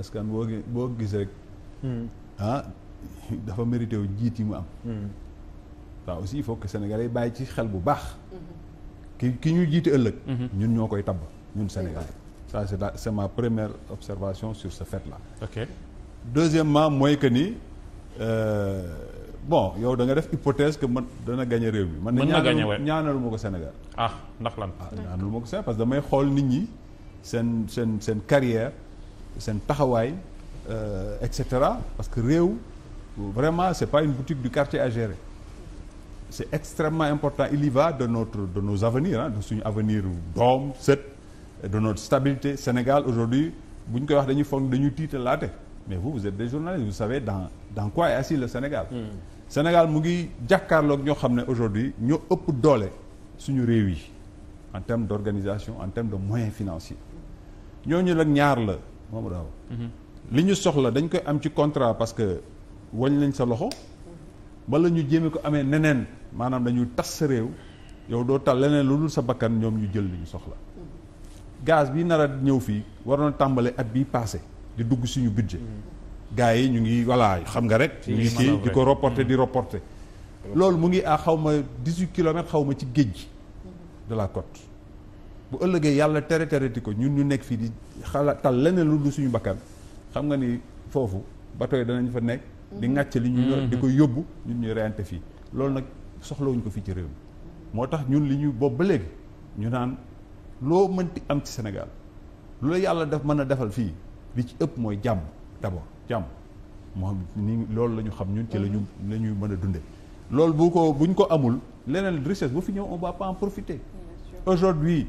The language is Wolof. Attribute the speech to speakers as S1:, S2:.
S1: askan boo boo gis rek. Hmm. Ah, dafa mérité wu jiit yi mu am. Hmm. waaw aussi il faut que Sénégalais yi bàyyi ci xel bu baax. Hmm. ki ki ñu jiite ëllëg. ñun ñoo koy tab ñun Sénégalais. ça c'est la c'est ma première observation sur ce fait-là. ok deuxièmement mooy que ni euh, bon yow da nga def hypothèse que man dana gagné réew bi mën na gagné man ñaanalu ma ko Sénégal. ah ndax lan. ah ñaanalu ma ko Sénégal parce que damay xool nit ñi seen seen seen carrière seen taxawaay euh, et cetera parce que réew vraiment c'est pas une boutique du quartier à gérer c'est extrêmement important il y va de notre de nos avenirs ah suñu avenir doom sët de notre stabilité Sénégal aujourd'hui bu ñu koy wax dañuy foog dañuy tiitalaate mais vous vous êtes des journalistes vous savez dans dans quoi est assis le Sénégal hmm. Sénégal mu ngi jàkkaarlook ñoo xam ne aujourd'hui ñoo ëpp doole suñu réew yi en termes d'organisation en termes de moyens financiers ñooñu nag ñaar la moom daaw mhm. li ñu soxla dañ koy am ci contrat parce que wañ nañ sa loxo wala ñu jéeme ko amee neneen maanaam dañuy tas sa réew yow doo tal leneen lu dul sa bakkan ñoom ñu jël li ñu soxla gaz bi nar a ñëw fii waroon tàmbale at bii passé di dugg suñu budget mhm. gars yi ñu ngi voilà xam nga rek ñu ngi kii di ko reporté di mhm. reporté loolu mu ngi à xaw ma dix-huit kilomètres xaw ma ci géej gi de la côte bu ëllëgee yàlla tere tereti ko ñun ñu nekk fii di xalaatal leneen lu dul suñu bakkan xam nga ni foofu bato yi danañ fa nekk. di ŋàcc li ñu yor di ko yóbbu ñun ñuy reyante fii loolu nag soxlawuñ ko fii ci réew mi moo tax ñun li ñu boobu ba léegi ñu naan loo mënti am ci Sénégal lu la yàlla daf mën a defal fii li ci ëpp mooy jàmm d'abord jàmm moo xam ni loolu la xam ñun ci la ñu la ñu mën a dunde loolu bu ko buñ ko amul leneen richesse bu fi ñëw on va pas aujourd'hui